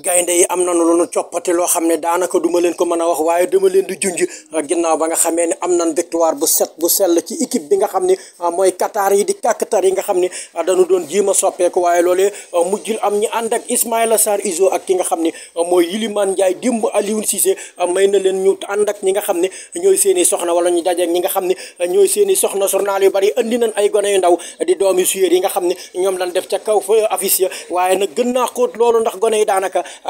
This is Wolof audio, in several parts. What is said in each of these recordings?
gaynde yi am nañu lu nu coppati loo xam ne daanaka duma leen ko mën a wax waaye dama leen di junj ah, ginnaaw ba nga xamee ne am nañ victoire bu set bu sell ci équipe bi nga xam ne ah, mooy Qatar yi di kàkkatar yi nga xam ne ah, ñi ànd xam ne mooy Yiliman Ndiaye démb may na leen ñu ànd ak ñi nga xam ne ñooy seeni soxna wala ñu dajeek ñi nga xam ne ñooy seeni soxna journal yu bari andi nañ ay gone yu ndaw di doomi suyéer yi nga xam ne ñoom lañ def ca kaw fa affiche ya waaye nag gën naa xóot loolu ndax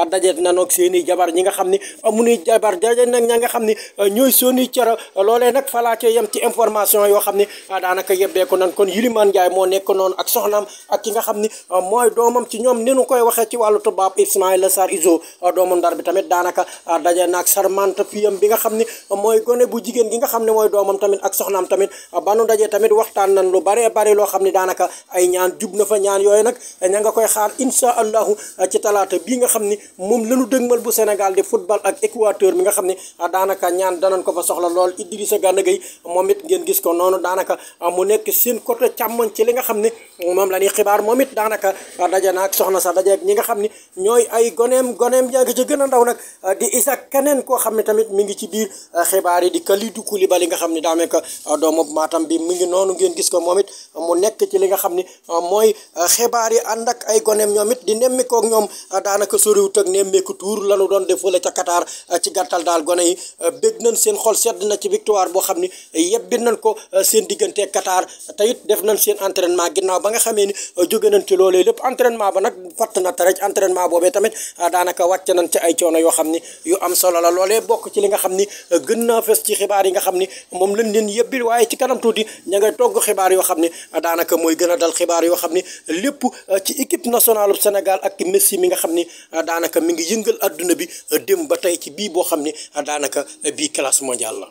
daje nanoog seen i jabar ñi nga xam ni amuñuy jabar daje nag ña nga xam ni euh, ñooy seeni cër loolee nag falaa ca ci information yoo xam ni euh, daanaka yebbeeku nan kon Yilimaan Njaay moo nekk noonu ak soxnaam ak ki nga xam ni euh, mooy doomam ci ñoom ni nu koy waxee ci wàllu tubaab Ismaïla Sarr Iso doomu Ndar bi tamit daanaka daje naag Charmante fiyam bi nga xam ni mooy gone bu jigéen gi nga xam ne mooy doomam tamit ak soxnaam tamit ba nu dajee tamit waxtaan nan lu bare bare loo xam ni daanaka ay ñaan jub na fa ñaan yooy nag ña koy xaar incha allahu ci talaata bii nga xam xam ni moom lañu dëgmal bu Sénégal di football ak Équateur mi nga xam ne ah, daanaka ñaan danañ ko fa soxla lool Idrissa Gana Gueye moom it ngeen gis ko noonu daanaka ah, mu nekk seen côté càmmoñ ci li nga xam ne moom la ñuy xibaar moom it daanaka ah, daje na ak nga xam ni ñooy ay goneem goneem yaa ngi ci a ndaw nag di Isaac keneen koo xam ne tamit mi ngi ci biir xibaar yi di Kalidou Koulibaly nga xam ne daa mekk doomu Matam bi mi ngi noonu ngeen gis ko moom it mu nekk ci li nga xam ne mooy xibaar yi ànd ak ay goneem ñoom it di nemmi koog ñoom daanaka su soriwut ak nemmeeku tour lanu doon def fële ca Qatar eh, ci gàttal daal gone yi eh, bég nañ seen xol sedd na ci victoire boo xam ni eh, yebbi nañ ko seen diggante Qatar te def nañ seen entraînement ginnaaw ba nga xamee ni jóge nañ ci loolee lépp entraînement ba nag fatt na te rek entraînement boobee tamit daanaka wàcc nañ ci ay coono yoo xam ni yu am solo la loolee bokk ci li nga xam ni gën naa fes ci xibaar yi nga xam ni moom lañ leen yebbil waaye ci kanam tuuti ña ngay togg xibaar yoo xam ni daanaka mooy gën a yoo xam ni lépp ci équipe nationale Sénégal daanaka mi ngi yëngal àdduna bi dem ba tey ci bii boo xam ni daanaka bii classe mondiale la